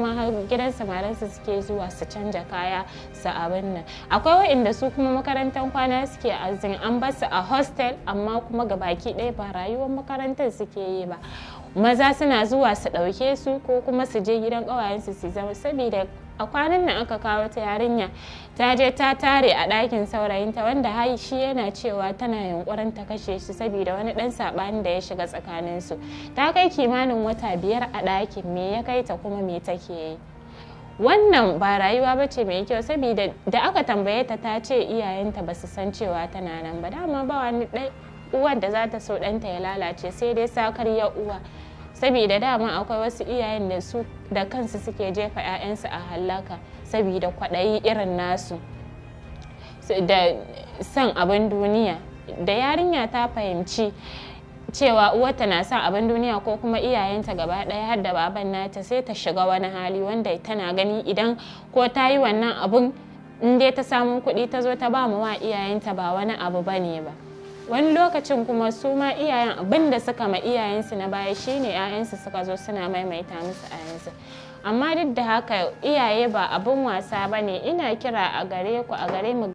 kuma har gidan su suke zuwa su canja kaya su abin nan akwai waɗanda su kuma makarantar kwana suke azin an ba su a hostel amma kuma ga baki ɗaya ba rayuwar makarantar suke yi ba maza suna zuwa su ɗauke su ko kuma su je gidan ƙawayensu su zama saboda a kwanan nan aka kawo ta yarinya ta je ta tare a ɗakin saurayinta wanda hai shi yana cewa tana yunkurin ta kashe shi saboda wani ɗan saɓani da ya shiga tsakaninsu ta kai kimanin wata biyar a ɗakin me ya kai ta kuma me take yi wannan ba rayuwa ba ce mai kyau saboda da aka tambaye ta ta ce iyayenta ba su san cewa tana nan ba dama ba wani uwar da za ta so ɗanta ya lalace sai dai sakar ya uwa saboda dama akwai wasu iyayen da su da kansu suke jefa 'ya'yansu a halaka saboda kwaɗayi irin nasu da son abin duniya da yarinya ta fahimci cewa uwarta na son abin duniya ko kuma iyayenta gaba ɗaya har da baban nata sai ta shiga wani hali wanda tana gani idan ko ta yi wannan abun in dai ta samu kuɗi ta zo ta ba mu wa iyayenta ba wani abu ba ne ba. wani lokacin kuma su ma iyayen abin da suka ma iyayensu na baya shine 'ya'yansu suka zo suna maimaita musu a yanzu amma duk da haka iyaye ba abin wasa ba ne ina kira a gare ku a gare mu